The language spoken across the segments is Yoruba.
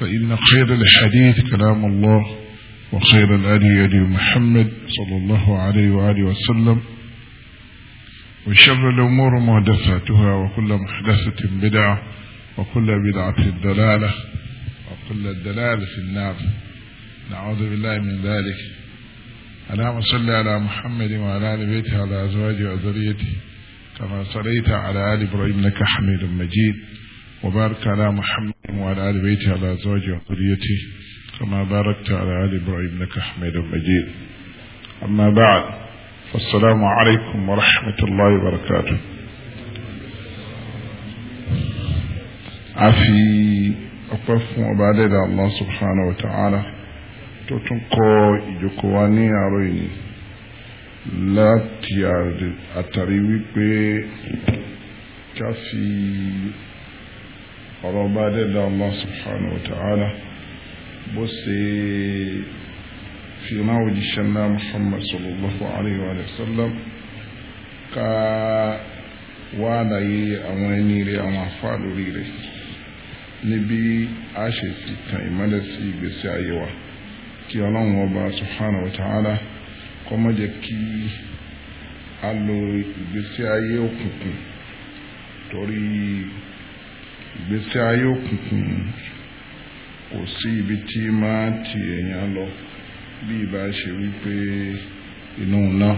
فإن خير الحديث كلام الله وخير الأدي أدي محمد صلى الله عليه وآله وسلم وشر الأمور مهدثاتها وكل محدثة بدعة وكل بدعة الدلالة وكل الدلالة في النار نعوذ بالله من ذلك اللهم صل على محمد وعلى آل بيته وعلى أزواجه وذريته كما صليت على آل إبراهيم إنك حميد مجيد وبارك على محمد وعلى آل بيته على أزواجه وذريته كما باركت على آل إبراهيم إنك حميد مجيد أما بعد فالسلام عليكم ورحمة الله وبركاته عفي ọpẹ́ fún الله سبحانه وتعالى subhanahu wa ta'ala tó tún kọ ìjókòó wa ọ̀rọ̀ bá dẹ́dà Allah subhanahu wa ta'ala bó ṣe fi rán òjíṣẹ́ ńlá Muhammad sallallahu alayhi wa sallam ká wá àlàyé àwọn ẹni rẹ̀ àwọn afá lórí rẹ̀ níbi a ṣe fi tan ìmọ́lẹ̀ sí ìgbésí ayé wa kí ọlọ́run ọba subhanahu wa ta'ala kó má jẹ́ kí a lo ìgbésí ayé òkùnkùn torí ìgbésí ayé òkùnkùn kò sí ibi tí máa ti èèyàn lọ bí ìbá ṣe wípé inú náà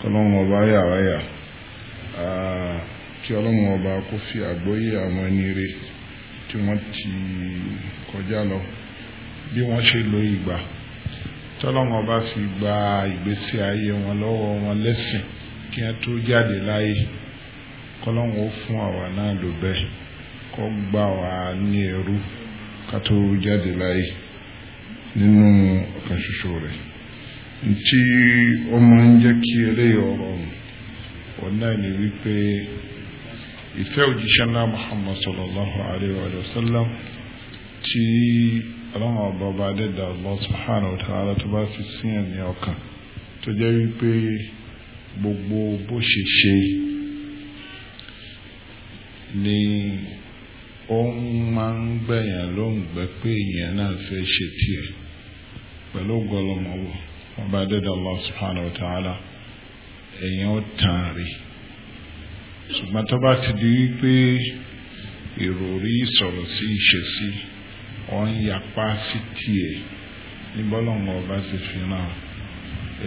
kọlọ́run ọba yàráyà kí ọlọ́run ọba kó fi àgbóyé àwọn ẹni rẹ̀ tí wọ́n ti kọjá lọ bí wọ́n ṣe lo ìgbà tọ́lọ́run ọba fi gba ìgbésí ayé wọn lọ́wọ́ wọn lẹ́sìn kí wọ́n tó jáde láyé kọlọ́run ó fún àwa náà lò bẹ́ẹ̀. kó gbà wá ní ẹrú ká tó jáde láyé nínú ọ̀kan ṣoṣo rẹ̀ tí ó máa ń jẹ́ kí eléyìí ọ̀rọ̀ náà wípé ìfẹ́ òjíṣẹ́ ńlá Muhammad sallallahu alayhi wa sallam tí ọlọ́run ọba adẹ́dà Allah tó bá ní ọkàn tó gbogbo bó ni. ó máa ń gbẹ̀yàn ló ń gbẹ́ pé èèyàn náà fẹ́ ṣe tiẹ̀ pẹ̀lú gọlọmọwọ ọba dẹ́dà Allah subhanahu wa ta'ala èèyàn ó tàn rí ṣùgbọ́n tó bá ti di wípé ìròrí ìsọ̀rọ̀ sí ìṣesí wọ́n yapa sí tiẹ̀ ní bọ́lọ̀mọ ọba ti fi náà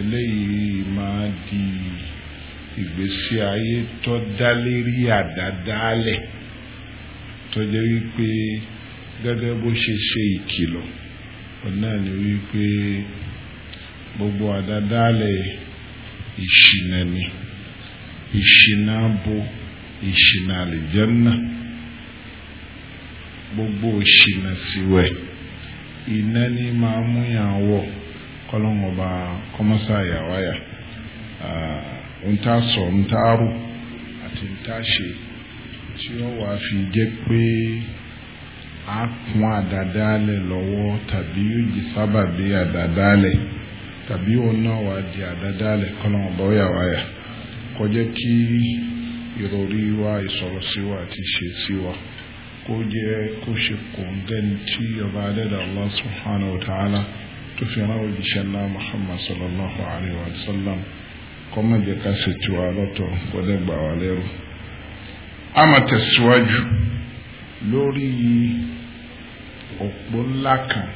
eléyìí máa di ìgbésí ayé tó dá lérí àdádálẹ̀ tọ́jẹ́ wípé gẹ́gẹ́ bó ṣe ṣe ìkìlọ̀ ọ̀nà ni wípé gbogbo àdádálẹ̀ ìṣìnà ni ìṣìnà bo ìṣìnà àlìjẹ́nà gbogbo ìṣìnà síwẹ̀ iná ní máa mú yàn wọ̀ kọ́lọ́n ọba kọ́mọ́sá yàwáyà ohun tá a sọ ohun tá a àti ohun tá ṣe tí ó wàá fi jẹ́ pé a kún àdádálẹ̀ lọ́wọ́ tàbí yóò di sábàbí àdádálẹ̀ tàbí òun náà wàá di àdádálẹ̀ kọ́nà bọ́yà wáyà kí ìròrí wa ìsọ̀rọ̀ sí wa àti ìṣe sí wa kó jẹ́ kó ṣe kòńgẹ́ni tí ọba adẹ́dà Allah subhanahu wa ta'ala tó fi rán òjíṣẹ́ ńlá Muhammad sallallahu alayhi wa sallam kọ́mọ̀jẹ̀ká ṣètò àlọ́tọ̀ kó dẹ́gbà wa lẹ́rù a máa tẹ̀síwájú lórí òpó ńlá kan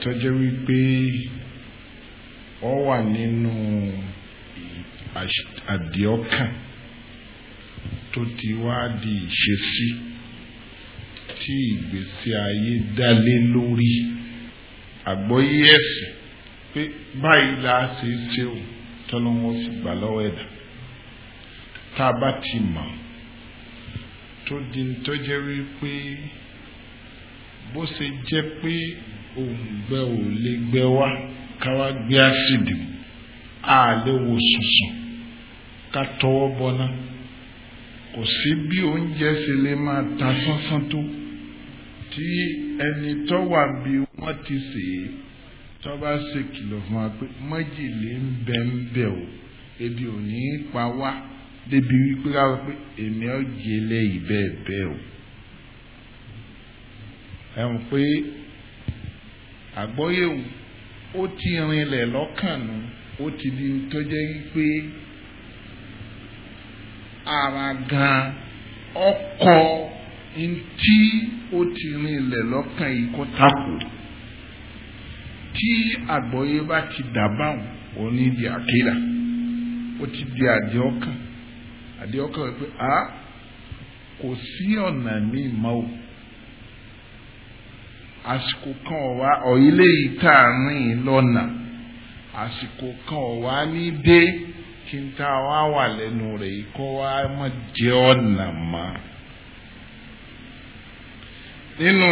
tó jẹ́ wípé ó wà nínú àdìọ́kàn tó ti wá di ìṣesí tí ìgbésí ayé dá lé lórí àgbọ́yé ẹ̀sìn pé báyìí la ṣe ń ṣe ò tọ́lọ́wọ́ sì gbà lọ́wọ́ ẹ̀dá tá a bá ti mọ̀ tó di tó jẹ́ wípé bó ṣe jẹ́ pé òǹgbẹ ò lè gbẹ wá ká wá gbé ásìdì á lè wo sùsùn ká tọwọ́ bọ́ná kò sí bí oúnjẹ ṣe lè máa ta sánsán tó tí ẹni tó wà bí wọ́n ti sè é tó bá ṣe kìlọ̀ fún wa pé májèlé ń bẹ ń bẹ o ebi ò ní pa wá débi wípé ká sọ pé èmi ò jẹ eléyìí bẹ́ẹ̀ bẹ́ẹ̀ o ẹ mọ̀ pé àgbọ́yé ó ti rinlẹ̀ lọ́kànnù ó ti di tó jẹ́ wípé ara gan ọkọ ntí ó ti rinlẹ̀ lọ́kàn yìí kó tako tí àgbọ́yé bá ti dà báwọn òní di ó ti di àdìọ́kàn. àdé ọkàn pé a kò sí ọ̀nà mi mọ́ o àsìkò kan ọ̀wá ọ̀yílẹ̀ yìí tá a rìn lọ́nà àsìkò kan ọ̀wá ní dé kí n ta wá wà lẹ́nu rẹ̀ yìí kọ́ wá mọ̀ jẹ́ ọ̀nà mọ́ nínú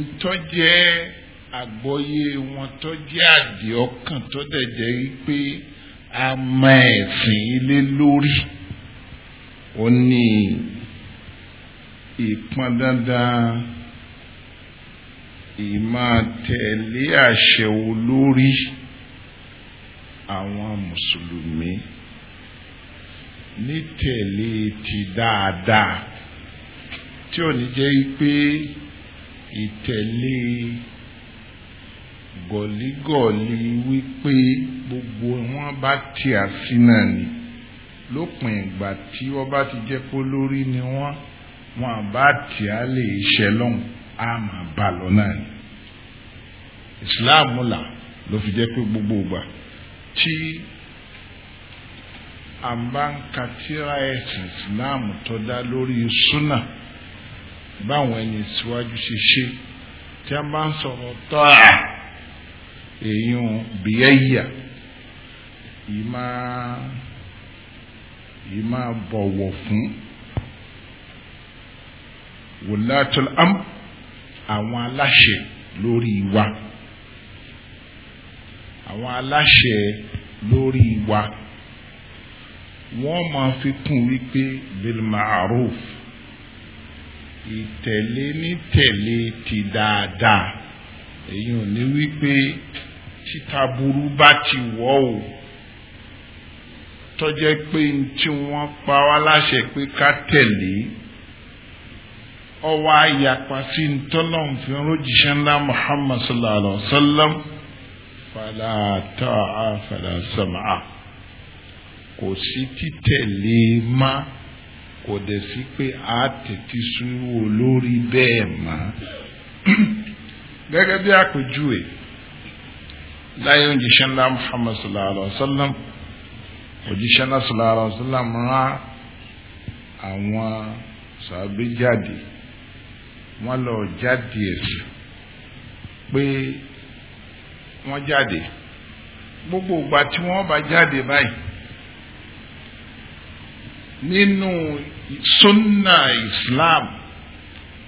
ntọ́jẹ́ àgbọ́yé wọn tọ́jẹ́ àdìọ́kàn tó dẹ̀ jẹ́ wípé. a mọ ẹ̀sìn ilé lórí ó ní ìpọn dandan ìmọ̀tẹ̀lé àṣẹ olórí àwọn mùsùlùmí nítẹ̀lé ti dáadáa tí ò ní jẹ́ pé ìtẹ̀lé gọ̀lígọ̀lí wípé gbogbo wọn bá tì á sí náà ni lópin ìgbà tí wọ́n bá ti jẹ́ pé lórí ni wọ́n wọn bá tì á lè ṣe lọ́hùn á máa bá lọ náà ni Islam là ló fi jẹ́ pé gbogbo ìgbà tí a bá ń ka tírà ẹ̀sìn Islam tó dá lórí súnà báwọn ẹni síwájú ṣe ṣe tí a bá ń sọ̀rọ̀ tọ́ra èèyàn bìyẹ́yà. E ìmá ìmá bọ̀wọ̀ fún wòlátọ́lá àwọn aláṣẹ lórí wa àwọn aláṣẹ lórí wa wọ́n máa fi kún wípé bilmaruf ìtẹ̀lé ní tẹ̀lé ti dáadáa èyí ò ní wípé títa burú bá ti wọ́ o tọ́jẹ́ pé tí wọ́n pa wá láṣẹ pé ká tẹ̀lé ọwọ́ àyàpá sí ntọ́lọ́hún fi rọ́jìṣẹ́ ńlá Muhammad sallallahu alayhi wa sallam fàlà tàà fàlà sàmà kò sí títẹ̀lé má kò dẹ̀ sí pé a tètè sunwó lórí bẹ́ẹ̀ má gẹ́gẹ́ bí àpèjúwe láyé òjìṣẹ́ ńlá Muhammad sallallahu alayhi wa sallam òjíṣẹ́ náà sallallahu alaihi wasallam rán àwọn sàbí jáde wọ́n lọ jáde ẹ̀sìn pé wọ́n jáde gbogbo ìgbà tí wọ́n bá jáde báyìí nínú sunna islam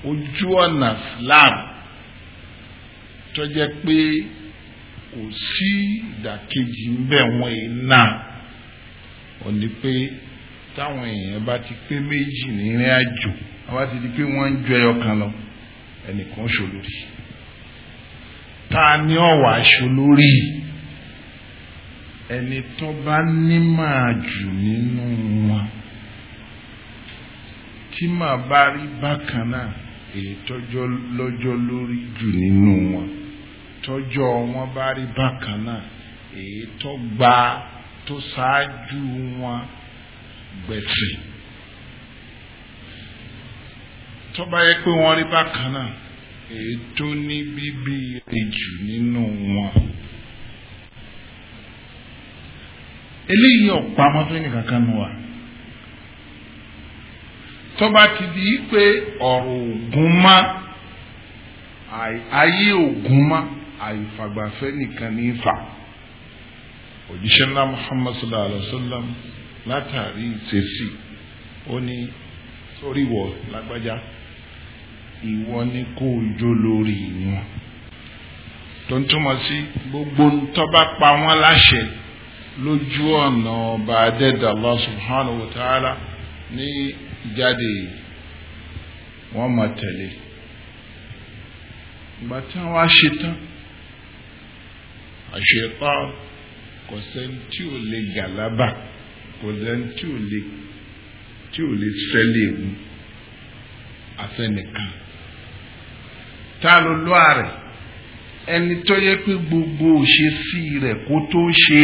ojú ọ̀nà islam tó jẹ́ pé kò sí ìdàkejì ń bẹ̀ wọ́n iná. E ò ní pé táwọn èèyàn bá ti pé méjì ní ìrìn àjò àwa ti di pé wọ́n ń ju ẹyọ kan lọ ẹnìkan ṣolórí ta ni ọ̀wà ṣolórí ẹni tó bá ní máa jù nínú wọn tí màá bá rí bákan náà èyí tọ́jọ́ lọ́jọ́ lórí jù nínú wọn tọ́jọ́ wọn bá rí bákan náà èyí tó gba. tó ṣáájú wọn gbẹ̀sìn yẹ pé wọ́n rí bákan náà èyí tó ní bíbí ìjù nínú wọn. eléyìí ọ̀pá mọ́tòyìn kankan nù wa tó ti di pé ọ̀rọ̀ ògùn má ayé ògùn má nìkan òjíṣẹ́ ńlá muhammad sallallahu alayhi wa sallam látàrí ìṣesí ó ní sórí wọ lágbájá ìwọ ni kó o jó lórí wọn tó ń túmọ̀ sí gbogbo tó bá pa wọ́n láṣẹ lójú ọ̀nà ọba adẹ́dà Allah subhanahu wa ta'ala ní ìjáde wọ́n máa tẹ̀lé ìgbà tí wọ́n á ṣe tán àṣetán kò sẹ́ni tí ò lè gàlábà kò sẹ́ni tí ò lè tí ò lè sẹ́lẹ̀ ewu afẹ́nìkan tá ló lọ́ àrẹ̀ ẹni tó yẹ pé gbogbo òṣèṣì rẹ̀ kó tó ṣe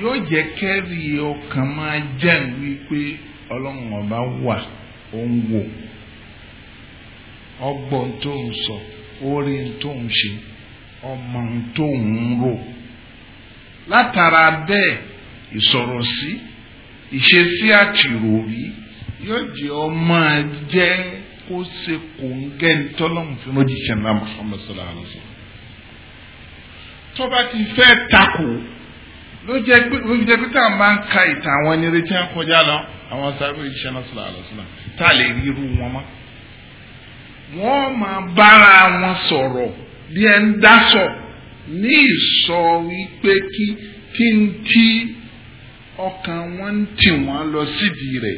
yóò jẹ́ kẹ́rì ọkàn máa jẹ́ wípé ọlọ́run ọba wà ó ń wò ọgbọ́n tó ń sọ orin tó ń ṣe ọmọ tó ń rò látara bẹ́ẹ̀ ìsọ̀rọ̀ sí ìṣesí àtìròrí yóò jẹ́ ọmọ jẹ́ kó ṣe kò ń gẹ́ ní tọ́lọ́mù fún lójíṣẹ́ náà Muhammad sallallahu alaihi wasallam tó bá ti fẹ́ takò ló jẹ́ pé táwọn bá ń ka ìtàn àwọn ẹni ń kọjá lọ àwọn sáré òjíṣẹ́ náà sallallahu alaihi wasallam tá a lè rí irú wọn mọ́ wọ́n máa bára wọn sọ̀rọ̀ ẹ ń dásọ̀ ní ìsọ wípé kí kí n tí ọkàn wọn ń tì lọ sídìí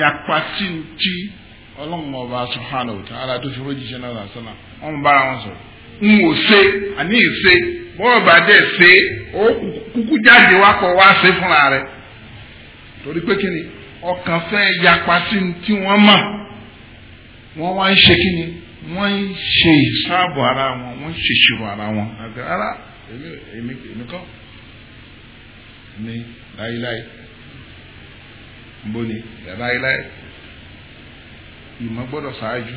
yapa sí n tí ọlọ́run ọba subhanahu wa ta'ala tó fi náà lásán náà wọn sọrọ. n ò ṣe àní ìṣe bọ́ọ̀ bá dẹ̀ ṣe ó kúkú jáde torí pé kí ni ọkàn fẹ́ yapa wọ́n mọ̀ wọ́n wá ń ṣe ni wọ́n ń ṣe ìsáàbò ara wọn wọ́n ń ṣèṣirò ara wọn àgbà ara èmi èmi èmi kọ́ ní láíláí mbóni láíláí ìmọ̀ gbọ́dọ̀ ṣáájú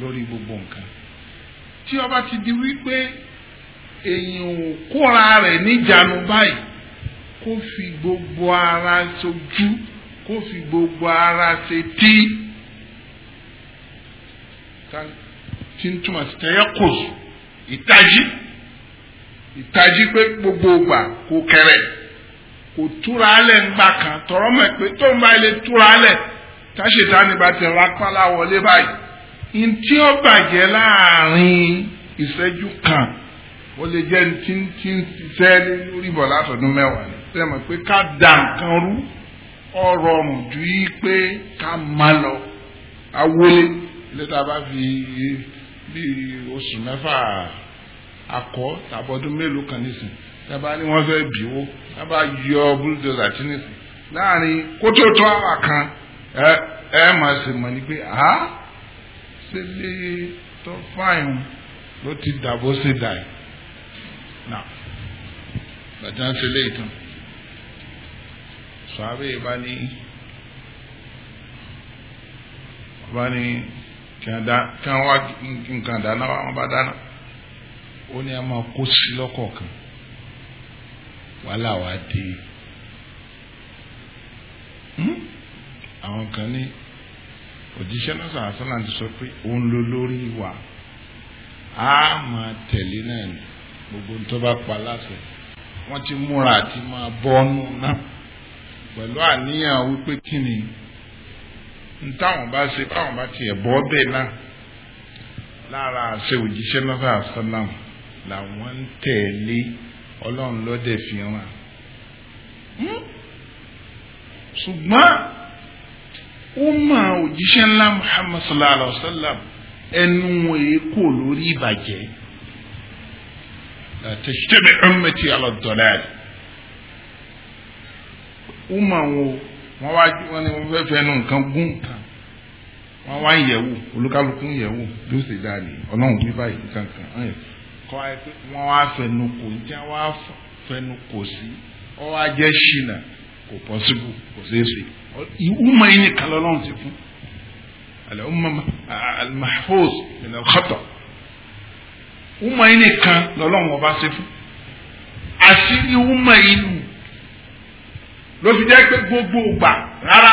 lórí gbogbo nǹkan tí ọba ti di wípé èèyàn ò kóra rẹ̀ níjànú báyìí kó fi gbogbo ara sojú kó fi gbogbo ara ṣe tí tí ń túmọ̀ sí tayakuz ìtají ìtají pé gbogbo ògbà kò kẹrẹ kò túra alẹ̀ ńgbà kan tọrọ mọ̀ pé tó ń bá ilé túra alẹ̀ táṣetánì bá ti rápálá wọlé báyìí ntí ó bàjẹ́ láàrin ìṣẹ́jú kan ó lè jẹ́ ntí ntí ṣiṣẹ́ lórí bọ̀ látọ̀dún mẹ́wàá ni ṣe mọ̀ pé ká da nǹkan rú ọ̀rọ̀ ọ̀rùn ju yí pé ká má lọ awolé ilé tá a bá fi bí oṣù mẹ́fà akọ tàbọ̀dún mélòó kan nísìn tábà ní wọ́n fẹ́ bìwó tábà yọ búlùdọ́sà tí nísìn láàrin kótó tó àwà kan ẹ ẹ máa ṣe mọ̀ ní pé a ṣe lè tó fáìn ló ti dàbó sí dàì náà bàtà ń ṣe lè tán sọ abẹ́ ìbá ní. Running kí wọ́n wá nǹkan dáná wọn bá dáná ó ní a máa kó sí lọ́kọ̀ọ̀kan wàhálà wa dé hmm? àwọn kan ní òjíṣẹ́ náà sàn àsánà ti sọ pé òun ló lórí wa a máa tẹ̀lé náà ní gbogbo tó bá pa láṣẹ wọ́n ti múra àti máa bọ́nú náà pẹ̀lú àníyàn wípé kí ni ntáwọn bá ṣe báwọn bá tiẹ̀ bọ́ bẹ́ẹ̀ náà lára àṣẹ òjíṣẹ́ lọ́sà sálàm làwọn ń tẹ̀lé ọlọ́run lọ́dẹ̀ fi hàn. Hmm? ṣùgbọ́n ó mọ òjíṣẹ́ ńlá Muhammad sallallahu alayhi wa sallam ẹnu wọn èkó lórí ìbàjẹ́ tẹ̀sítẹ́mi ummati ala dalal ó mọ àwọn wọn wá wọn ni wọn fẹ́ fẹ́ nu nǹkan gún nǹkan wọ́n wá ìyẹ̀wò olúkálukú ìyẹ̀wò bí ó sì dáa ní ọlọ́run bí báyìí kankan kọ́ ẹ pé wọ́n wá fẹnu kò ní tí wọ́n á fẹnu kò sí ọ wá jẹ́ ṣìnà kò pọ́sibú kò ṣeé ṣe ìwúmọ̀ yìí nìkan lọ́lọ́run ti fún al-mahfuz min al-khata ìwúmọ̀ yìí nìkan lọ́lọ́run ọba ṣe fún àṣírí ìwúmọ̀ yìí nù ló fi jẹ́ pé gbogbo gbà rárá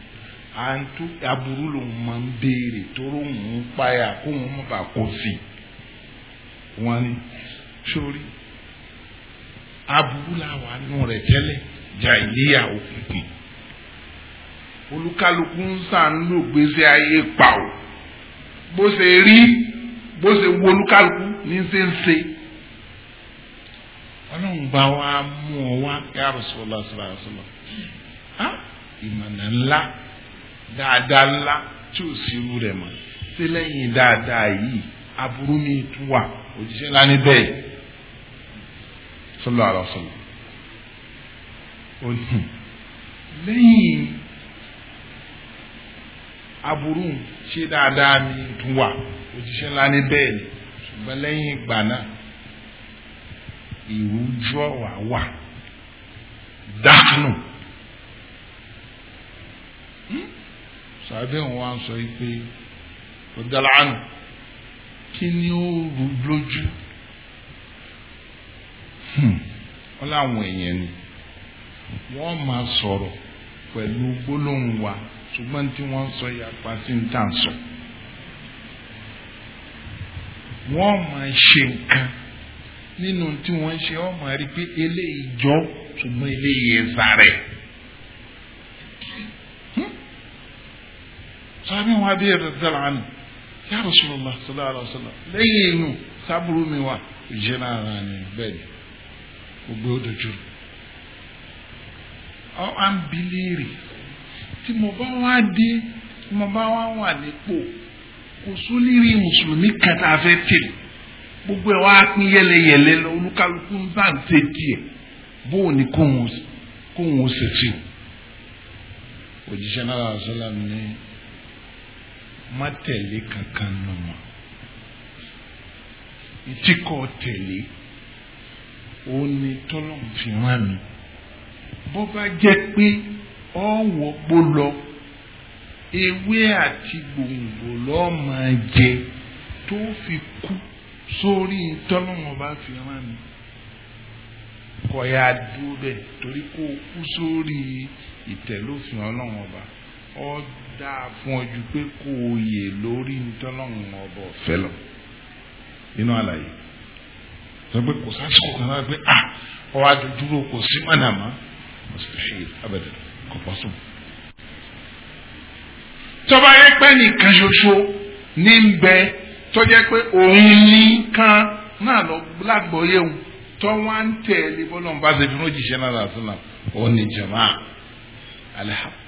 àǹtú aburú lòun máa ń béèrè tóró òun páyà kóun má bàa kó sí wọn ni sórí aburú làwọn àánú rẹ tẹ́lẹ̀ jà ìléyà òkùnkùn olúkálukú ń sàn ló gbèsè ayé pa o bó ṣe rí bó ṣe wo olúkálukú ní ṣe ń ṣe ọlọ́run bá wa mú ọ wá yàrá sọlá sọlá sọlá ìmọ̀nà ńlá dáadáa ńlá tí ò sí irú rẹ̀ mọ́ tí lẹ́yìn dáadáa yìí aburú mi tún wà òjíṣẹ́ ńlá ní bẹ́ẹ̀ sọlọ àlọ sọlọ òní lẹ́yìn aburú ṣe dáadáa mi tún wà òjíṣẹ́ ńlá ní bẹ́ẹ̀ ni ṣùgbọ́n lẹ́yìn ìgbà náà ìrújú ọ̀wà wà dáhùn sàbẹ̀ wọn wá ń sọ yìí pé ọ̀dàlánù kí ni ó rú lójú hmm. wọn láwọn èèyàn ni wọ́n máa sọ̀rọ̀ pẹ̀lú gbólóhùn wa ṣùgbọ́n tí wọ́n sọ yà pa sí ń tà sọ wọ́n máa ṣe nǹkan nínú tí wọ́n ṣe wọ́n máa rí pé eléyìí jọ ṣùgbọ́n eléyìí ẹ̀ sáré. sábẹ́ wọn abẹ́ rẹ̀ dára àná yà Rasulullah sallallahu alaihi wasallam lẹ́yìn inú sábúrú mi wà òjì náà rà ní bẹ́ẹ̀ ni gbogbo òdòjú ọ à ń bi léèrè tí mo bá wá dé tí mo bá wá wà nípò kò sún léèrè mùsùlùmí kẹta fẹ́ tèlè gbogbo ẹ̀ wá pín yẹlẹyẹlẹ lọ olúkálukú ń bá ń ṣe tiẹ̀ bóun ni kóun ó ṣe tí o òjíṣẹ́ náà sọ́lá mi ní má tẹ̀lé kankan nù wọn tí kò tẹ̀lé ó ní tọ́lọ́mù fi rán mi bó bá jẹ́ pé ọ̀wọ́ gbó lọ ewé àti gbòǹgbò lọ́ọ́ máa jẹ tó fi kú sórí tọ́lọ́mù bá fi rán mi kọ́ dúró bẹ́ẹ̀ torí kó kú sórí ìtẹ̀lófin ọlọ́run ọba ọ dáa fún ọ ju pé kó o yè lórí ntọ́lọ́run ọbọ̀ ọ̀fẹ́ lọ nínú àlàyé sọ pé kò sásìkò kan náà pé à ọwọ́ àdúdúró kò sí mọ̀nàmá mustahil abadan kò pọ́sùn. tọ́ba yẹ pé nìkan ṣoṣo ní ń bẹ tọ́jẹ́ pé òun nìkan náà lọ lágbọ́yé òun tọ́ wá ń tẹ̀lé bọ́lọ́mùbá ṣe fi ń jíṣẹ́ náà làásùn náà ó ní jàmáà alhaq.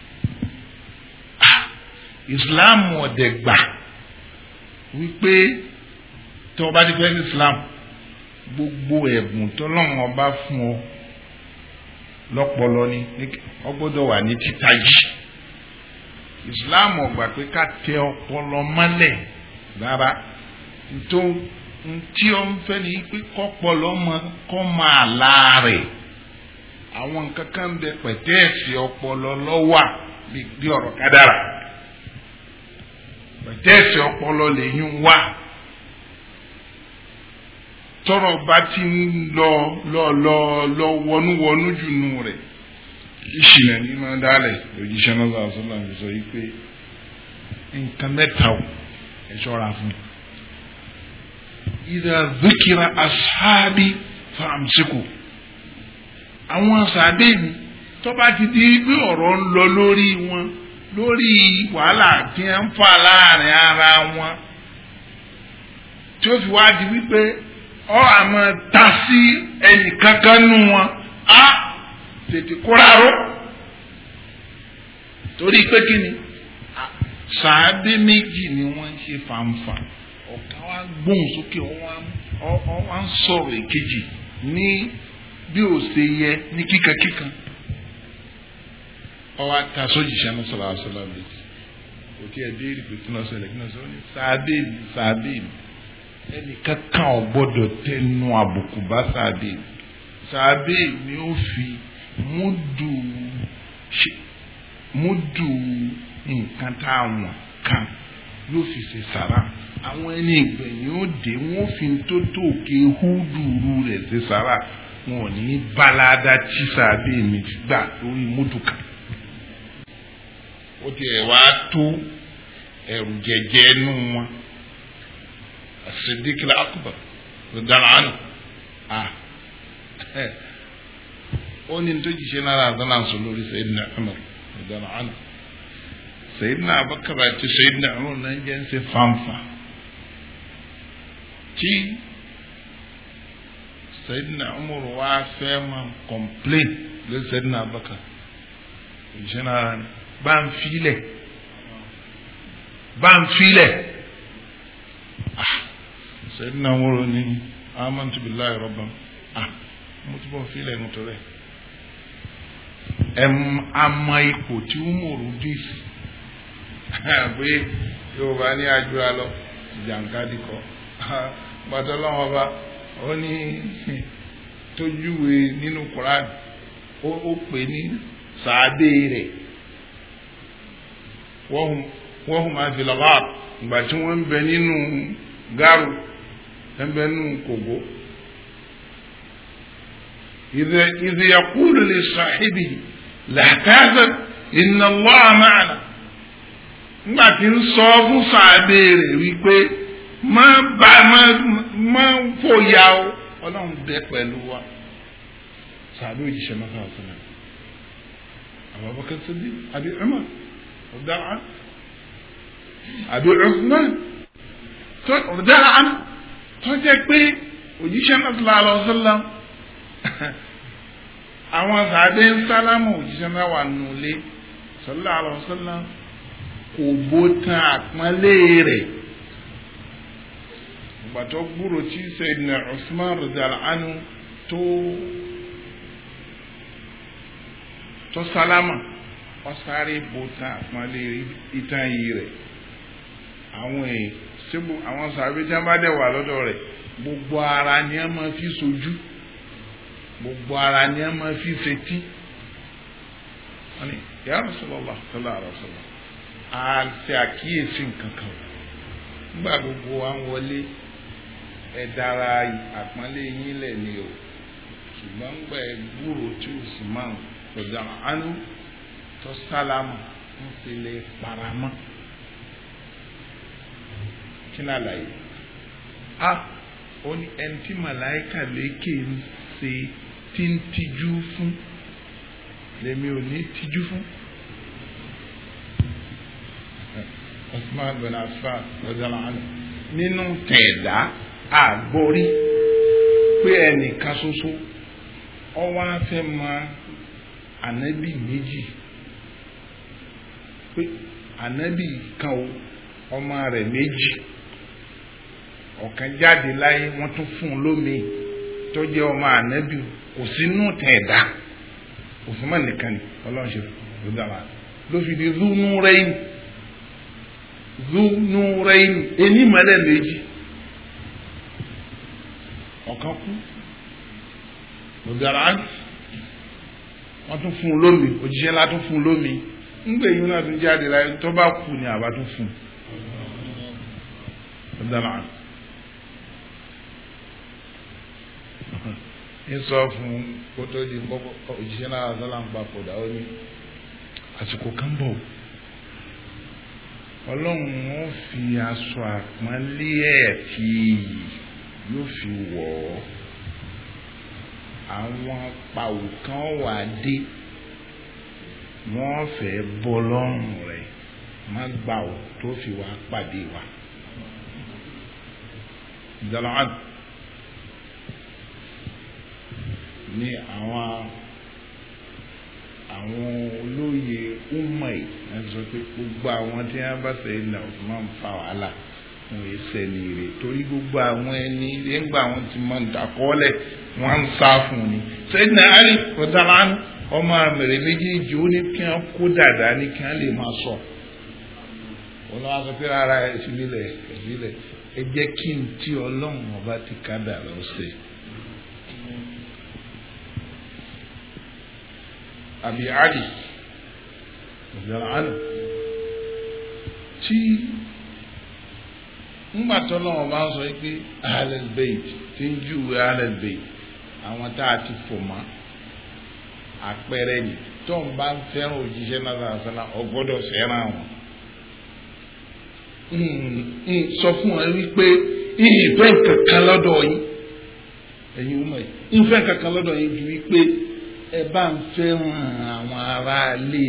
islam ọ̀dẹ̀ gbà wípé tó o bá ti fẹ́ sí islam gbogbo ẹ̀bùn tọ́lọ́run ọba fún ọ lọ́pọlọ ni ọ gbọ́dọ̀ wà ní títají islam ọgbà pé ká tẹ ọpọlọ mọ́lẹ̀ rárá tó tí ó ń fẹ́ ni pé kọ́pọlọ mọ kọ́ máa láàrẹ̀ àwọn nǹkan bẹ pẹ̀tẹ́ẹ̀sì ọpọlọ lọ́wà bí ọ̀rọ̀ kádàrà tẹ́ẹ̀sì ọpọlọ lèyìn wà tọrọ bá ti ń lọ lọ lọ lọ wọnúwọnú jù nù rẹ̀ ìṣìnà ní máa dálẹ̀ lójíṣẹ́ náà sọ̀rọ̀ sọ́nà fi sọ yìí pé nǹkan mẹ́ta ò ẹ ṣọ́ra fún ìdá zikira asáábí fàmsíkò àwọn sàbẹ̀ mi tó ti di pé ọ̀rọ̀ ń lọ lórí wọn lórí wàhálà tí ń fà láàrin ara wọn tí ó fi wá di wípé ọ àmọ́ ta sí ẹnì kankan nù wọn á tètè kóraró torí pé kí ni sàádé méjì ni wọ́n ń ṣe fàǹfà ọ̀kan wá gbóhùn sókè ọ̀wá ń sọ̀rọ̀ èkejì ní bí ó ṣe yẹ ní kíkankíkan ọwọ́ ata sójìṣẹ́ ní sọ̀rọ̀ àṣọlá létí kò tí ẹ béèrè pé kí ló ṣẹlẹ̀ kí ló ṣẹlẹ̀ ó ní sàbẹ̀lì sàbẹ̀lì ẹnì kankan ò gbọ́dọ̀ tẹnu àbùkù bá sàbẹ̀lì sàbẹ̀lì ni ó fi múdù múdù nǹkan tá a wọ̀n kan yóò fi ṣe sàrà àwọn ẹni ìgbẹ̀yìn ó dé wọ́n fi tó tó òkè húdùrú rẹ̀ ṣe sàrà wọn ò ní balada tí sàbẹ̀lì gbà lórí múdù kan ó ti ẹ̀ wá tó ẹ̀rù jẹjẹ nù wọn As-Siddiq al-Akbar gbẹdàrà ànú à ó ní tó jíṣẹ́ náírà àdáná sọ lórí Sayyidina Umar gbẹdàrà ànú Sayyidina Abubakar àti Sayyidina Umar náà jẹ́ ń ṣe fanfa tí Sayyidina Umar wá fẹ́ máa complain lórí Sayyidina Abubakar jíṣẹ́ náírà ni bá ń filẹ̀ bá ń filẹ̀ ah, sẹ́yìn náà wọ́n rò ní amantubilayi rọ́bà ah, mo ti bọ́ filẹ̀ nítorí ẹ̀ àmọ́ ipò tí ó mòrò dé sí pé yorùbá ní àjùra lọ jàǹkadì kọ ah, bàtà lọ́wọ́ bá ó ní tójúwe nínú Quran ó pè ní sàádé rẹ̀ wọ́n hùmá filagar ìgbà tí wọ́n ń bẹ nínú gáàrú ẹ̀ ń bẹ nínú kògó. إذ يقول لصاحبه لا تحزن إن الله معنا nígbà tí ń sọ fún sàábé rẹ̀ wípé má bá má fòyà o ọlọ́run bẹ pẹ̀lú wa sàábé òjíṣẹ́ mọ́tò àfúnà àwọn abọ́kẹ́sọ́dé àbí ẹ̀mọ́ ọ̀daràn àbí Uthman ọ̀daràn tó jẹ́ pé òjíṣẹ́ náà sallallahu alaihi wasallam àwọn sàdé ń sálámù òjíṣẹ́ náà wà nùlé sallallahu alaihi wasallam kò bó tan àpọ́nlé rẹ̀ gbàtọ́ gbúrò tí Sayyidina Usman radiyallahu anhu tó tó sálámà ọsáré bo tán àpọ́nlé ìtàn yìí rẹ̀ àwọn èèyàn síbò àwọn sàbẹ̀ tí wọ́n bá dẹ̀ wà lọ́dọ̀ rẹ̀ gbogbo ara ni wọ́n máa fi sojú gbogbo ara ni wọ́n máa fi fetí wọ́n ní ya Rasulullah sallallahu alaihi wasallam a ṣe àkíyèsí nǹkan kan nígbà gbogbo wa ń wọlé ẹ dára àpọ́nlé yín lẹ̀ ni o ṣùgbọ́n gbà ẹ gbúrò tí o sì máa ń pẹ̀lú àánú tó sálámù ń fi lè paramọ́ kí àlàyé a ó ní ẹni tí màláìkà lékè ń ṣe tí ń tijú fún lèmi ò ní tijú fún. Osman bin Affan radiyallahu anhu nínú tẹ̀dá àgbórí pé ẹnìkan ṣoṣo ó wá fẹ́ mọ ànábì méjì pé ànábì kan o ọmọ rẹ̀ méjì ọ̀kan jáde láyé wọ́n tún fún un lómi tó jẹ́ ọmọ ànábì kò sínú tẹ̀ ẹ̀dá Usman nìkan ni ọlọ́run ṣe ló dá wa ló fi di zunu rẹ́yìn zunu rẹ́yìn enímọ̀lẹ́ méjì ọ̀kan kú ló dára wọ́n tún fún un lómi òjíṣẹ́ la tún fún un lómi ńgbè yìí náà tó jáde láyé tó bá kù ní àbá tó fún un. ń sọ fún kótó di òjíṣẹ́ náà sọ́làn papòdà ó ní àsìkò kan bọ̀ ọlọ́run ó fi aṣọ àpọ́nlé ẹ̀ fi yóò fi wọ̀ ọ́ àwọn pàwọ́ kan wà dé wọ́n fẹ́ bọ́ lọ́rùn rẹ̀ má gbà ó tó fi wá pàdé wa. Jalaad ni àwọn àwọn olóye ọmọ yìí wọ́n sọ pé gbogbo àwọn tí wọ́n bá sẹ́yìn náà wọ́n máa ń fa wàhálà wọn yìí sẹ́ni rè torí gbogbo àwọn ẹni rè ń ti máa ń dàkọ́lẹ̀ wọ́n ń sá fún ni sẹ́yìn náà á dára nù ọmọ àmèrè méjèèjì ó ní kí wọ́n kó dàda ní kí wọ́n lè máa sọ wọn wá sọ pé rárá ẹsìn lílẹ ẹsìn lílẹ ẹ jẹ́ kí n tí Ọlọ́run ọba ti ká dàrọ ṣe. àbí ali ọ̀gbẹ́rànánù tí ńgbà tọ́lọ́wọ́n bá ń sọ pé ahlul bayt tí ń júwe ahlul bayt àwọn tá a ti fò mọ́. àpẹẹrẹ hmm, hmm, ni tó ń bá ń fẹ́ràn òjíṣẹ́ náà sàlásàlá ọgbọ́dọ̀ fẹ́ràn wọn. sọ fún ẹ wípé ìfẹ́ kankan yìí wípé ẹ bá ń fẹ́ràn àwọn mi.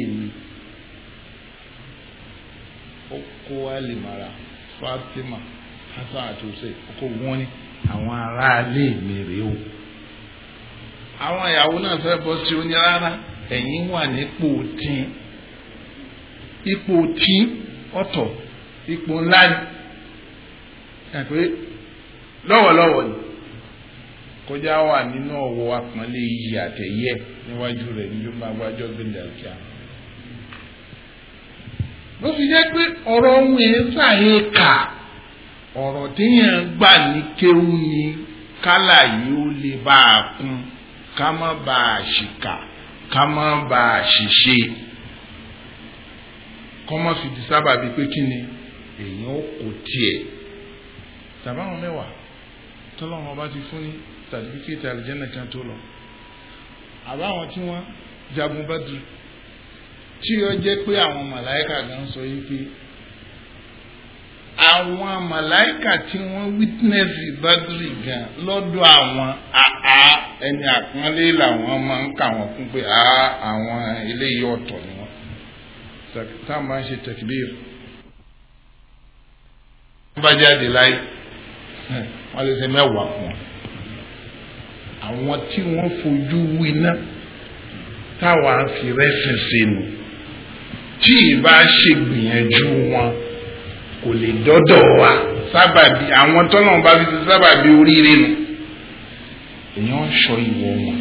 Fatima Hasan àti àwọn mi àwọn ìyàwó náà fẹ́ bọ́ sí oní rárá ẹ̀yìn wà nípò tí ipò tí ọ̀tọ̀ ipò ńlá ni pé lọ́wọ́lọ́wọ́ kọjá wà nínú ọ̀wọ́ apọ̀nlé iyì àtẹ̀yẹ níwájú rẹ̀ ní yóò máa wájọ́ gbélé ló fi jẹ́ pé ọ̀rọ̀ ohun ẹ̀ ń sàyè kà ọ̀rọ̀ gbà ní kéwú ni kálà yìí ó Kama ba shika, kama ba ká má bà á ṣìṣe kọ́mọ́ fìdí sábà bíi pé kí ni èèyàn ó kò tiẹ̀ tàbáwọn mẹ́wàá tọ́lọ́run ọba ti fún ní sàtífíkẹ́tì àlìjẹ́nà kan tó lọ àbáwọn tí wọ́n jagun Badr tí ó jẹ́ pé àwọn màláìkà gan sọ yìí pé àwọn màláìkà tí wọ́n wítínẹ́sì Badr gan lọ́dọ̀ àwọn àá ẹni àpọ́nlé làwọn máa ń kà wọ́n fún pé àwọn eléyìí ọ̀tọ̀ ni wọ́n tá a máa ń ṣe tẹ̀kíbíir wọ́n bá jáde láyé wọ́n lè ṣe mẹ́wàá fún wọn àwọn tí wọ́n fojú wí náà táwa fi rẹ́sìn sínú tí ìbá ṣègbìyànjú wọn kò lè dọ́dọ̀ wa sábàbí àwọn tọ́nà bá fi ṣe sábàbí oríire nù èèyàn ń sọ ìwọ wọn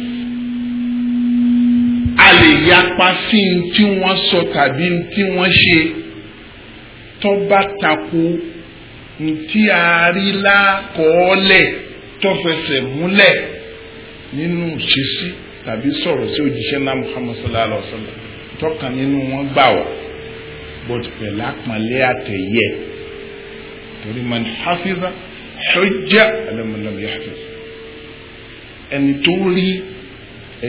a lè yapa sí n tí wọ́n sọ tàbí n tí wọ́n ṣe tó bá tako n tí a rí lákọọ́lẹ̀ tó fẹsẹ̀ múlẹ̀ nínú ìṣesí tàbí sọ̀rọ̀ sí òjíṣẹ́ náà Muhammad sallallahu alaihi wa sallam tọ́kan nínú wọn gbà wá bọ́t pẹ̀lú àpọ̀nlé àtẹ̀yẹ torí man hafiza hujja alamulam yahfiz ẹni tó rí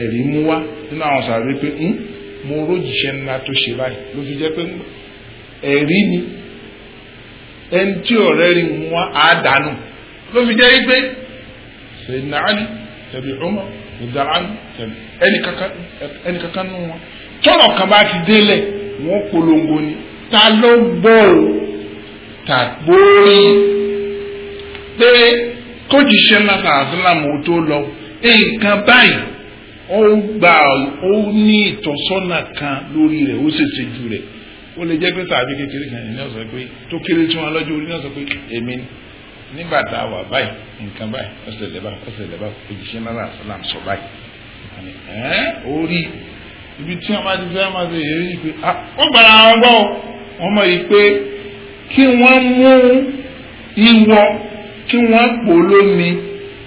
ẹ̀rí mú wá nínú àwọn sàrẹ́ pé ń hmm, mo rójìṣẹ́ ńlá tó ṣe báyìí ló fi jẹ́ pé ẹ̀rí ni ẹni tí ọ̀rẹ́ rí mú wá á dànù ló fi jẹ́ pé Sayyidina Ali tàbí Umar ìdáhàn tàbí ẹni kankan nù wọn tọrọ kan bá ti délẹ̀ wọ́n polongo ni ta ló gbọ́ ò ta gbóòórì pé kójìṣẹ́ ńlá sàrẹ́ sílámù tó lọ nǹkan báyìí ó gbà ó ní ìtọ́sọ́nà kan lórí rẹ̀ ó sì ṣe ju rẹ̀ ó lè jẹ́ pé tàbí kékeré kan ní ọ̀sán pé tó kéré tí wọ́n lọ́jọ́ orí náà sọ pé èmi nígbà tá a wà báyìí nǹkan báyìí ọ̀sẹ̀ lẹ́bà ọ̀sẹ̀ lẹ́bà òjìṣẹ́ náírà àṣàlám sọ báyìí ẹ̀ orí ibi tí wọ́n máa ti fẹ́ máa ṣe èyí yìí pé ó gbàrà àwọn gbọ́ wọ́n mọ̀ yìí pé kí wọ́n mú ìwọ kí wọ́n pò lómi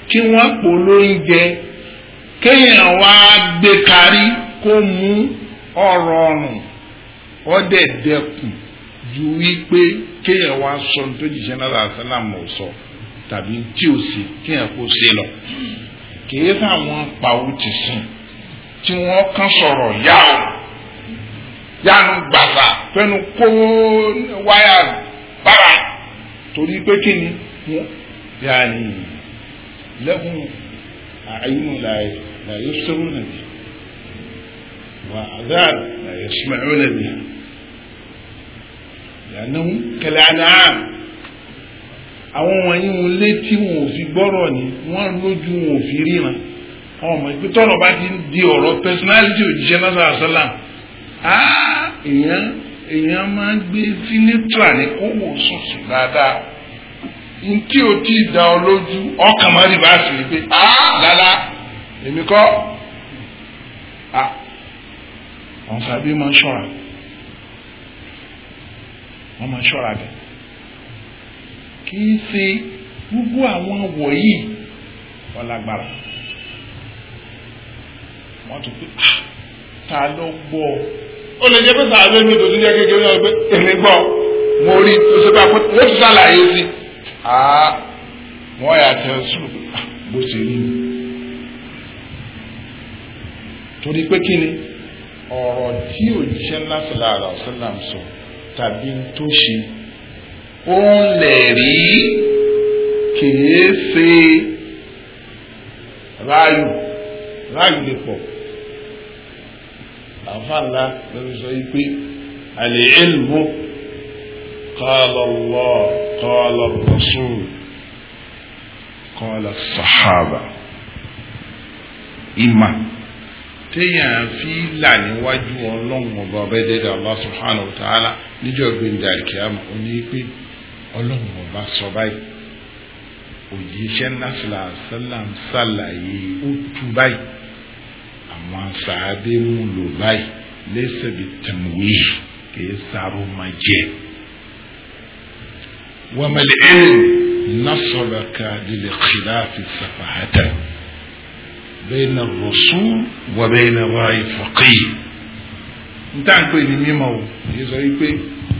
kí wọ́n pò lórí jẹ kéèyàn wá gbé kárí kó mú ọ̀rọ̀ ọ̀rùn ọ̀dẹ̀ dẹkùn ju wípé kéèyàn wá sọ ní tó jìṣẹ́ náà àṣálà mọ̀ sọ tàbí tí ò sí kéèyàn kó ṣe lọ kèé fáwọn pàwọ́ ti sìn tí wọ́n kàn sọ̀rọ̀ yá o yánu gbàgbà fẹnu kó wáyà bára torí pé kí ni wọ́n yára yìí. لهم أعين لا لا يبصرون به وآذان لا يسمعون بها لأنهم كالأنعام àwọn wọ̀nyí wọn létí wọn ò fi gbọ́rọ̀ ni wọ́n lójú wọn ò fi ríran àwọn ọmọ ìpín tọ́rọ̀ bá ti di ọ̀rọ̀ personality òjíṣẹ́ lásán àṣálà èèyàn èèyàn máa ń gbé fílẹ́tọ̀ àníkó wò sùn dáadáa ntí o ti da ọ lójú ọkàn máa rí báàsì ni pé a ah, lala èmi kọ́ a ah, àwọn sábẹ́ máa ń ṣọ́ra wọ́n máa ń ṣọ́ra bẹ́ẹ̀ kì í ṣe gbogbo àwọn wọ̀nyí ọlágbára wọ́n tún pé a ah, ta ló gbọ́ ọ lè jẹ́ pé sàbẹ́ mi tó ti jẹ́ kékeré náà pé èmi gbọ́ mo rí o ṣe bá a pé wọ́n ṣàlàyé sí i a wọ́n yà tẹ́ sùn ah, bó ṣe rí ni torí pé kí ni ọ̀rọ̀ tí òjíṣẹ́ ńlá sọ̀lá àlọ́ sọ́là sọ tàbí tó ṣe ó ń lẹ̀ rí kìí ṣe ráàyù ráàyù lè pọ̀ àfàǹlá lórí sọ yìí pé àlè ìlú qala Allah. قال الرسول قال الصحابة ìmà téèyàn fi là níwájú ọlọ́run ọba ọba ẹ̀dẹ́dẹ́ Allah subhanahu wa ta'ala níjọ́ gbẹ̀ndẹ̀ àríkíámà ó ní pé ọlọ́run ọba sọ báyìí òjíṣẹ́ nasala salam ṣàlàyé ó tu báyìí àwọn sàábé mú lò báyìí lẹ́sẹ̀ bí tẹ̀wé kì í sáró máa jẹ́. وما العلم نصبك للخلاف سفاهة بين الرسول وبين رأي فقيه nta n pe ni mímọ̀ o èyí sọ wípé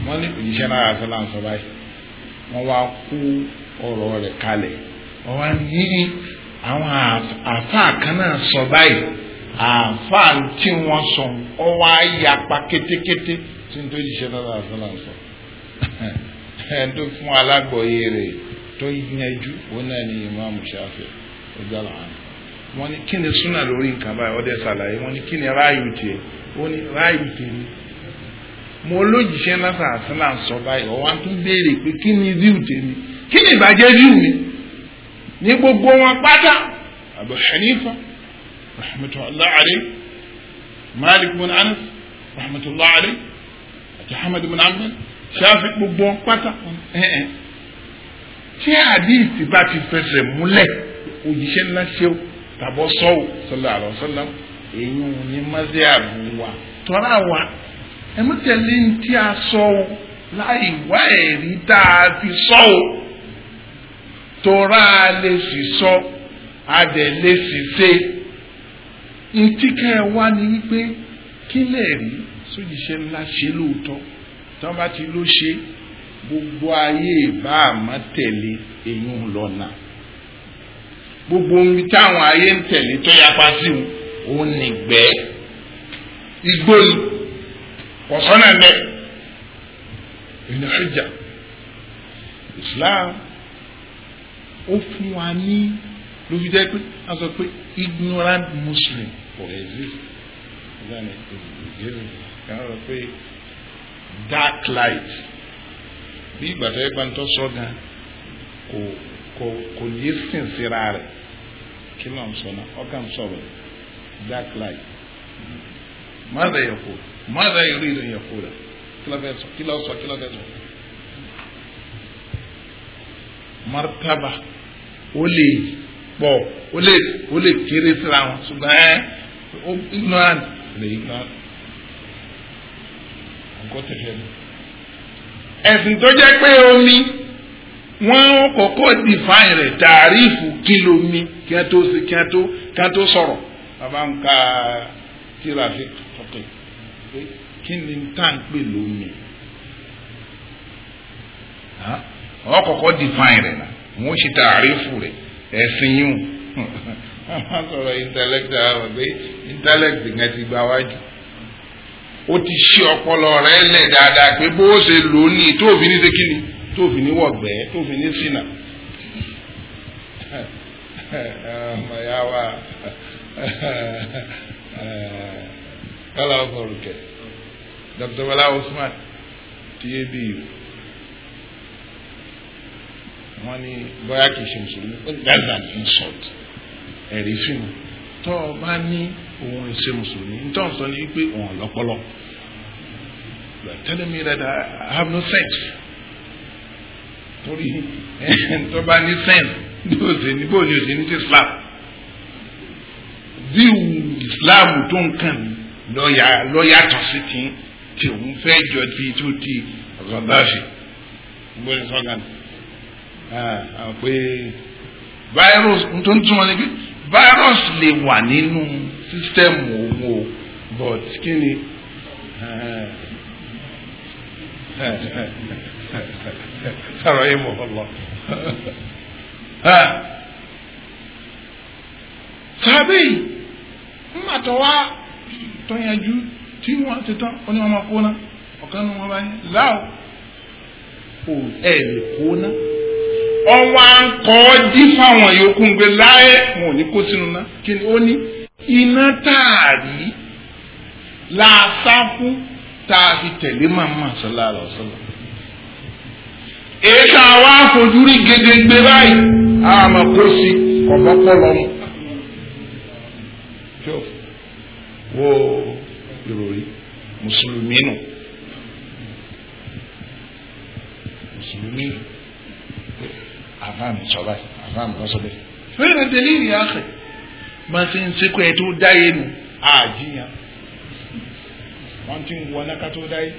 wọn ní òjíṣẹ́ náà àṣàlà ń sọ báyìí wọn wá kó ọ̀rọ̀ rẹ̀ kalẹ̀ wọn wá ní àwọn àáfàá kan náà sọ báyìí àáfàá tí wọn sọ ọ wá yapa kétékété tí n tó jíṣẹ́ náà àṣàlà ń sọ ẹni tó fún alágbọ̀yé rẹ̀ tó yanjú òun náà ni Imam Shafi ọjà làwọn wọn ní kí ni súnà lórí nǹkan báyìí ọdẹ ṣàlàyé wọn ní kí ni ráàyù tiẹ̀ ó ní ráàyù tèmi mo lójijì lásà àsìlà ń sọ báyìí ọwọ́n tún béèrè pé kí ni ríù tèmi kí ni ìbàjẹ́ ríù mi ní gbogbo wọn pátá Abu Hanifa rahmatullahi alayhi Malik bin Anas rahmatullahi alayhi àti Ahmad bin Ahmed ṣáfi gbogbo pátá tí àdìsí bá ti fẹsẹ̀ múlẹ̀ òjíṣẹ́ ńlá ṣe o tàbọ̀ sọ́wọ́ sọlá àlọ́ sọlá èyí ò ní mọ́sẹ̀ àbù wa tọ́ra wa ẹ̀mọ́tẹ̀lé ń tí a sọ o láì wá ẹ̀rí tá a fi sọ o tọ́ra lè sì sọ adẹ̀ lè sì ṣe ntí ká ẹ wá ni wípé kí rí sójíṣẹ́ ńlá ṣe lóòótọ́ tán bá ti ló ṣe gbogbo ayé ìbá àmọ́ tẹ̀lé eyín lọ́nà gbogbo omi táwọn ayé ń tẹ̀lé tó yapa sí wọn òun nìgbẹ́ igbó ni kọ̀sọ́nà mẹ́ ìnáhìjà Islam ó fún wa ní ló fi jẹ́ pé a sọ pé ignorant Muslim for exist. Ìgbà ni ìgbésẹ̀ kan dark light bí kò kò kò yé sìn síra kí ló ń light yẹ kó yẹ kó kí ló sọ kí ló martaba lè pọ lè lè kéré síra wọn ṣùgbọ́n ignorant lè ignorant. kó tẹ̀lé mi. ẹ̀sìn tó jẹ́ pé omi wọ́n kọ́kọ́ define rẹ̀ tàrífù kìlò mi kí wọ́n tó kí wọ́n tó kí wọ́n tó sọ̀rọ̀ bàbá ń ka tirafik tọ́kẹ́ kí ni tá à ń pè lómi wọ́n kọ́kọ́ define rẹ̀ náà wọ́n ṣe tàrífù rẹ̀ ẹ̀sìn yìí wọ́n sọ̀rọ̀ intellectual wọ́n pé intellect nǹkan ti ó ti ṣe ọpọlọ rẹ lẹ̀ dáadáa pé bó ṣe lò ó ní tó fi ní ṣe kíni tó fi ní wọ̀gbẹ́ tó ní ṣìnà. ọmọ ya wa Dr. Bala Usman TAB wọ́n ní bóyá kì í ṣe mùsùlùmí ó ní that's an insult ẹ̀rí fíìmù tó o bá ní òun ṣe mùsùlùmí nítorí sọ ni pé òun lọ́pọlọ you are telling me that I, have no sense torí tó bá ní sense bó ṣe ní bó ni o ṣe ní ti Islam bí Islam tó ń kàn mí lọ́yà lọ́yàtọ̀ sí ti tí òun fẹ́ jọ ti tó ti Gaddafi bó ṣe sọ gan pé virus tó ń túmọ̀ ní pé virus lè wà nínú. sistemụ ugwu but gịnị sara ịmụ ụlọ sàbẹ̀yì mmàtọ̀ wa tí wọ́n ti tán ó ní wọn máa kó wọn bá yẹn láò ó lè kó ọwọ́ à ń kọ́ dí fáwọn yòókù ń gbé láyé wọn ò ní kó sínú ná kí ni ó ní. iná tààrí la sá fún tá a fi tẹ̀lé màmá sọlá lọ sọlá èyí tá a wá fojú rí gedegbe báyìí a máa kó sí ọ̀bọ̀pọ̀ lọ́mú wo ìròyìn mùsùlùmí nù mùsùlùmí àbámi sọ báyìí àbámi lọ sọ bẹ́ẹ̀ fẹ́rẹ̀ dẹ́lí ìyá àkẹ́ bá ti ń síkú ẹ tó dáyé nu àjíyàn wọ́n ti ń wọná ká tó dáyé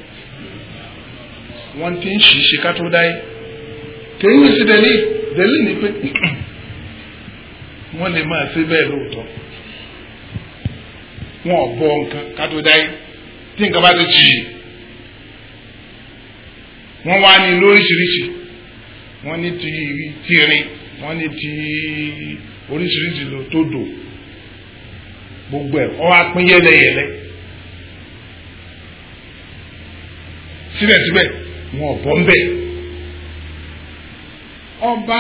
wọ́n ti ń ṣiṣẹ́ ká tó dáyé kéyìn sí dẹ́lí dẹ́lí ni pé wọ́n lè máa ṣe bẹ́ẹ̀ lóòótọ́ wọn ò bọ nǹkan ká tó dáyé tí nǹkan bá ti jì í wọ́n wá ní lóríṣiríṣi wọ́n ní ti tirin wọ́n ní ti oríṣiríṣi tó dò gbogbo ẹ̀ wọ́n wá pín yẹ́lẹ́yẹ́lẹ́ síbẹ̀síbẹ̀ wọn ò bọ́ ń bẹ̀ ọba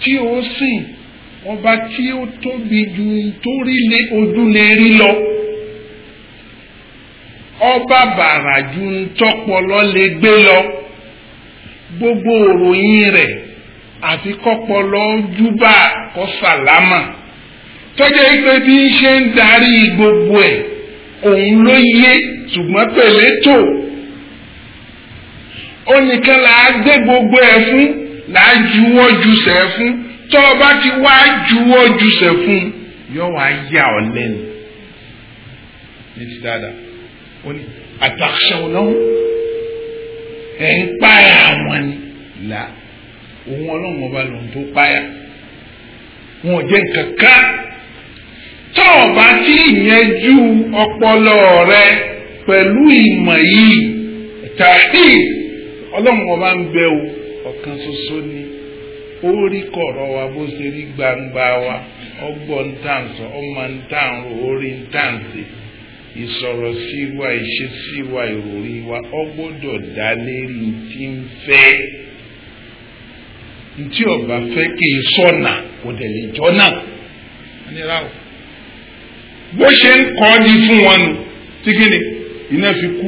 tí ó sìn ọba tí ó tóbi ju torí lé ojú lè rí lọ ọba bàrà ju ntọ́pọlọ lè gbé lọ gbogbo òròyìn rẹ̀ àti kọ́pọlọ júbà tọ́jà ìpè bí ń ṣe ń darí gbogbo ẹ̀ òun ló yé ṣùgbọ́n pẹ̀lẹ́ tó ó nìkan là á gbé gbogbo ẹ̀ fún là á juwọ́ jùsẹ̀ fún tọ́ ọ bá ti wá juwọ́ jùsẹ̀ fún yóò wá yà ọ́ lẹ́nu ní ti dáadáa ó ní àtàkṣà ọlọ́run ẹ̀ ń páyà àwọn ni là òun ọlọ́run ọba lòun tó páyà wọn ò jẹ́ nǹkan kan. ọba tí ìyẹnjú ọpọlọ rẹ pẹ̀lú ìmọ̀ yìí tàbí ọlọ́run ọba ń bẹ o ni ó rí kọ̀rọ̀ wa bó ṣe rí gbangba wa ọgbọ́n tàn sọ ọmọ ń tàn rò orí ń tàn wa ìṣesí wa ìròrí wa ọ gbọdọ dá lérí ń ọba fẹ́ kí n sọ̀nà kò dẹ̀ bó ṣe ń kọ́ ni fún wọn nù tí kí ni iná fi kú.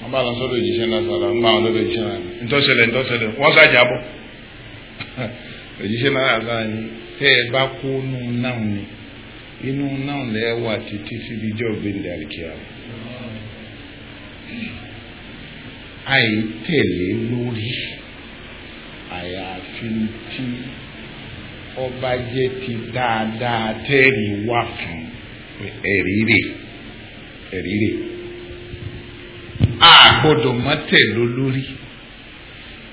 wọ́n bá lọ sọ́dọ̀ òjíṣẹ́ náà sọ̀rọ̀ ń bá wọn lọ́dọ̀ òjíṣẹ́ náà ntọ́sẹ̀lẹ̀ ntọ́sẹ̀lẹ̀ wọ́n sàjà bọ̀ òjíṣẹ́ náà sọ̀rọ̀ ni tẹ́ ẹ bá kó nù náà ni inú náà lẹ́ wà títí síbi jọ́ gbẹ̀dẹ̀ àríkíá àìtẹ̀lé lórí àyàfi tí ọba jẹ́ ti dáadáa tẹ́rì wá fún ẹ̀rí rè ẹ̀rí rè a gbọ́dọ̀ mọ́ tẹ̀lé olórí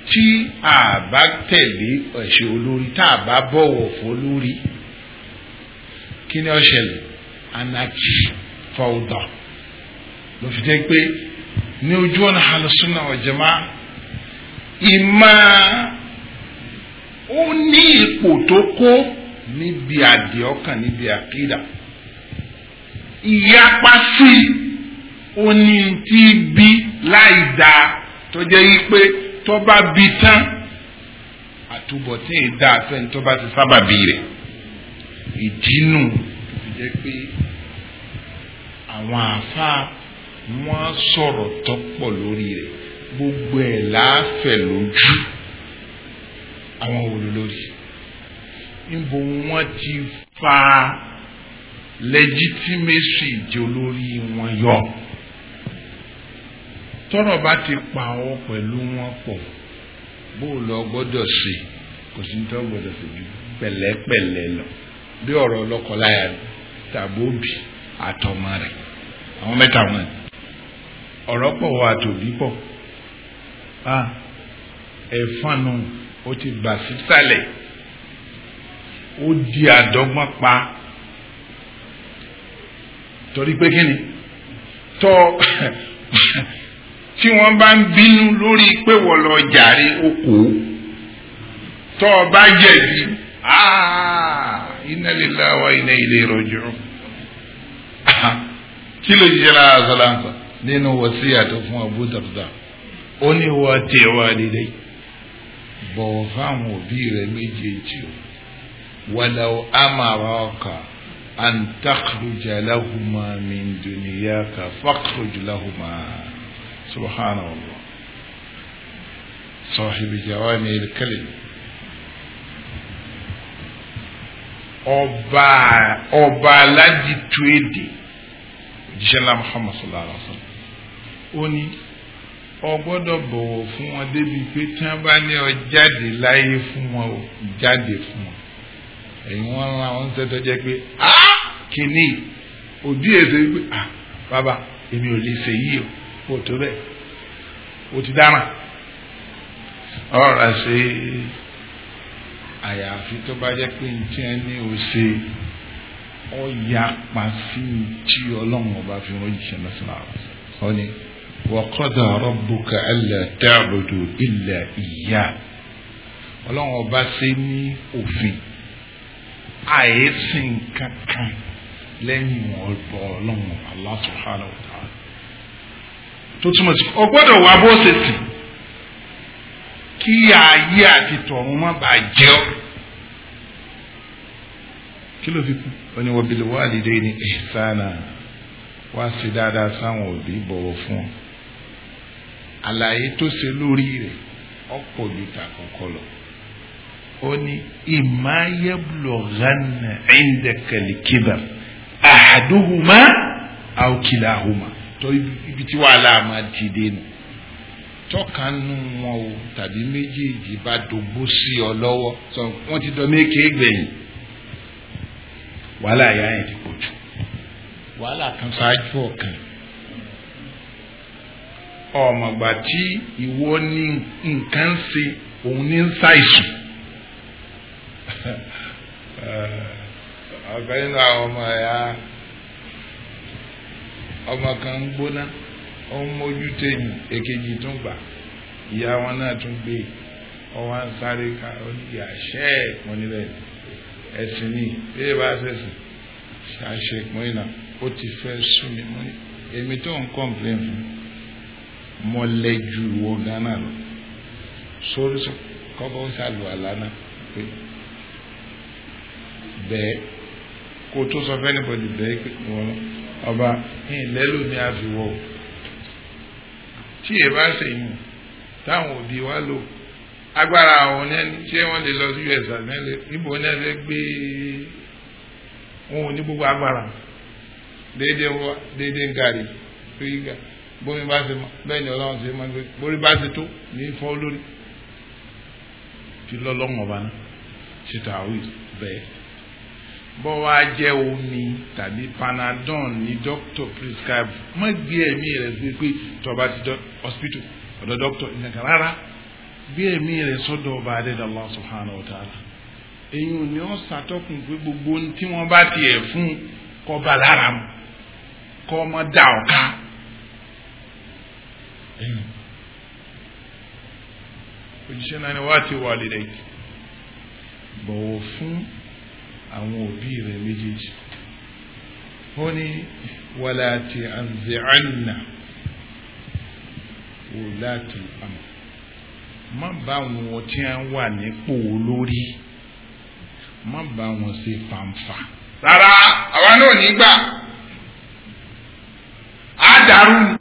tí a bá tẹ̀lé ọ̀ṣẹ́ olórí tá a bá bọ̀wọ̀ fún olórí kí ni ó ṣẹlẹ̀ anarchy fọ́ọ̀dọ̀ ló fi jẹ́ pé ní ojú ọ̀nà àlùsùnà ọ̀jẹ̀má ìmọ̀ ó ní ipò tó kó níbi àdìẹ ọkàn níbi àkídà ìyapa sí ó ní tí bí láì dáa tó jẹ́ yí pé tó bá bí tán àtúbọ̀tán ìdá àfẹ́ni tó bá ti sábàbí rẹ̀ ìdínú tó pé àwọn àáfàá wọn sọ̀rọ̀ tọ́pọ̀ lórí rẹ̀ gbogbo ẹ̀ láàfẹ̀ lójú àwọn wòlò lórí níbo wọ́n ti fa legitimacy ìdí olórí wọn yọ tọ́rọ̀ bá ti pa àwọn pẹ̀lú wọn pọ̀ bó lọ gbọ́dọ̀ ṣe kò sí tó gbọ́dọ̀ ṣe ju pẹ̀lẹ́pẹ̀lẹ́ lọ bí ọ̀rọ̀ lọ́kọláya tàbí òbí àtọmọ rẹ̀ àwọn mẹ́ta wọn ọ̀rọ̀ pọ̀ wà tòbí pọ̀ ah, ẹ̀fọn náà ó ti bà sísàlẹ̀ ó di àdọ́gbọ́n pa torí pé kí ni tọ́ tí wọ́n bá ń bínú lórí pé wọ́n lọ jàre oko tọ́ ọ bá jẹ̀bi inna lillahi wa inna ilayhi raji'un kí ló jíjẹ́ lára sọ́lá ń sọ nínú wàsíyà tó fún Abu ó ní wọ́n tẹ̀ wá lílé yìí bọ̀wọ̀ fáwọn òbí rẹ méjèèjì o wàlàó àmàrà ọkà àǹtàkùrùjà láhùmá mìndùnìyà kà fàkùrùjù láhùmá subhana allah sọ̀hìbì jawami kalim ọba ọba alájí tó èdè òjíṣẹ́ ńlá muhammad sallallahu alaihi wa sallam ó ní o gbọ́dọ̀ bọ̀wọ̀ fún wọn débi pé tí wọ́n bá ní ọ jáde láyé fún wọn o jáde fún wọn ẹ̀yin wọn ra wọn ń sẹ́tọ́ jẹ́ pé a kìíní òbí èso yìí pé a bàbá èmi ò lè ṣe yìí o ò tó bẹ́ẹ̀ o ti dára ọ̀rọ̀ àṣẹ àyàfi tó bá jẹ́ pé ntí ẹ o ṣe ọ yapa sí ntí ọlọ́run ọba fi wọ́n jìṣẹ́ lọ́sọ̀rọ̀ àwọn ọ̀nì wàkọ́dà rọ́bùkà ẹlẹ̀ tẹ́àbùdù ilẹ̀ ìyá ọlọ́run ọba ṣe ní òfin àìsìn kankan lẹ́yìn ọ̀dọ̀ ọlọ́run Allah subhanahu wa ta'ala tó túmọ̀ sí ọ gbọ́dọ̀ wà bó ṣe sìn kí ayé àti tọ̀run má bàa jẹ́ ọ́ kí ló fi kú ó ní wa bil walidayni wá sí dáadáa sáwọn òbí bọ̀wọ̀ fún ọ àlàyé tó ṣe lórí rẹ̀ ọ̀pọ̀ ju tàkọ́kọ́ lọ ó ní ìmáyébùlọ̀gánà ẹ̀ńdẹ̀kẹ̀lìkìbà àdúhùmá àwòkìlàhùmá tó ibi tí wàhálà máa ti dé nù tọ́kànnú wọn o tàbí méjèèjì bá dògbó sí ọ lọ́wọ́ sọ wọ́n ti dán méke wàhálà yà yẹn ti pọ̀ jù wàhálà kan ṣáájú ọ̀kan ọmọgbà tí ìwọ ní nǹkan ṣe òun ní ṣàìsùn ọ̀kan nínú àwọn ọmọ ẹ̀yà ọmọ kan ń gbóná ó ń mójú tèmi èkejì gbà ìyá wọn náà gbé e. ń sáré ká ẹ̀pọ̀n ẹ̀sìn ni bá ṣẹ̀sìn iná ó ti fẹ́ mi tó ń mọ́lẹ́jú wo gánà lọ sórí kọ́bọ́ sàlù àlànà pé bẹ́ẹ̀ kó tó sọ fẹ́ nípa ìdìbò yìí pé wọ́n ọba ìlẹ́lò ni a fi wọ̀ o tí èyí bá ṣe yìí táwọn òbí wa lò agbára àwọn nẹ́ni ṣé wọ́n lè lọ sí us àmẹ́lẹ́ ibo ní ẹgbẹ́ gbé wọn ò ní gbogbo agbára déédéé wa déédéé tó yí gàrí bómi bá ṣe bẹ́ẹ̀ ni ọlọ́run ṣe máa ń gbé borí bá ṣe tó ní fọ́ lórí fi lọ́lọ́run ọba náà ṣètò àwìn bẹ́ẹ̀ bọ́ wá jẹ́ omi tàbí panadol ní dókítà prescribe má gbé ẹ̀mí rẹ̀ sí pé tọba ti dọ́ hospital ọ̀dọ̀ dókítà ìyànkan rárá gbé ẹ̀mí rẹ̀ sọ́dọ̀ ọba adẹ́dàá Allah subhanahu wa ta'ala èyí ò ní ọ̀sà tọkùn pé gbogbo ohun tí wọ́n bá tiẹ̀ fún kọ́ bá lára mu kọ́ ọmọ dà ọ̀ka ẹ̀yìn òjíṣẹ́ náà ni wá ti wà lílẹ̀ bọ̀wọ̀ fún àwọn òbí rẹ̀ méjèèjì ó ní wàlá ti àǹzẹ̀ àǹnà wò láti àmọ̀ má bá wọn tí wọ́n wà nípò olórí má bá wọn ṣe fàǹfà rárá àwa náà nígbà á dàrú.